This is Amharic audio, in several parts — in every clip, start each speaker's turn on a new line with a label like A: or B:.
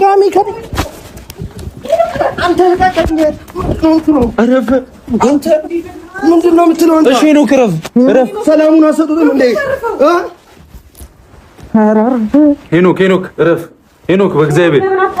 A: ጋሚ አንተ እረፍ። አንተ ምንድን ነው
B: የምትለው? አንተ እሺ ነው ክረፍ፣
A: እረፍ። ሰላሙን አሰጡትም እንዴ?
B: ሄኖክ ሄኖክ፣ እረፍ ሄኖክ፣ በእግዚአብሔር እረፉ።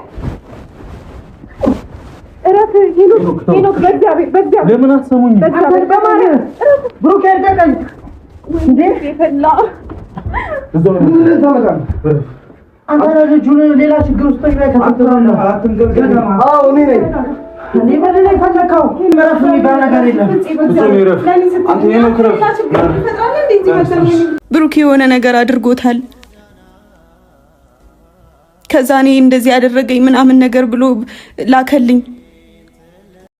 B: ለምን
A: ሌላ ችግር ውስጥ ብሩክ የሆነ ነገር አድርጎታል። ከዛ እኔ እንደዚህ ያደረገኝ ምናምን ነገር ብሎ ላከልኝ።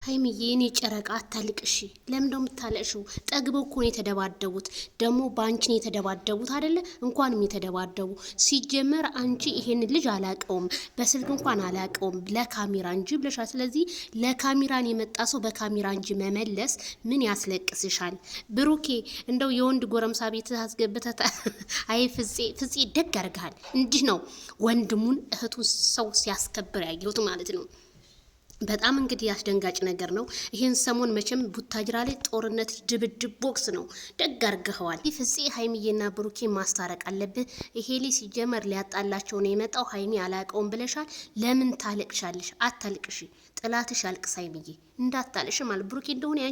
A: ሀይሚዬ የኔ ጨረቃ አታልቅሺ። ለምን ደው የምታለቅሽው? ጠግበው እኮ ነው የተደባደቡት። ደግሞ በአንቺ ነው የተደባደቡት አደለ? እንኳንም የተደባደቡ ሲጀመር አንቺ ይሄን ልጅ አላቀውም፣ በስልክ እንኳን አላቀውም ለካሜራ እንጂ ብለሻል። ስለዚህ ለካሜራን የመጣ ሰው በካሜራ እንጂ መመለስ ምን ያስለቅስሻል? ብሩኬ እንደው የወንድ ጎረምሳ ቤት አስገብተህ አይ ፍጼ ደግ ያርግሃል። እንዲህ ነው ወንድሙን እህቱን ሰው ሲያስከብር ያየሁት ማለት ነው። በጣም እንግዲህ አስደንጋጭ ነገር ነው። ይህን ሰሞን መቼም ቡታጅራ ላይ ጦርነት፣ ድብድብ፣ ቦክስ ነው። ደግ አርገኸዋል። ይህ ሀይሚዬና ብሩኬ ማስታረቅ አለብህ። ይሄ ልጅ ሲጀመር ሊያጣላቸው ነው የመጣው። ሀይሚ አላቀውን ብለሻል። ለምን ታለቅሻለሽ? አታልቅሽ። ጥላትሽ አልቅስ ሀይሚዬ፣ እንዳታልሽ ማለት ብሩኬ እንደሆነ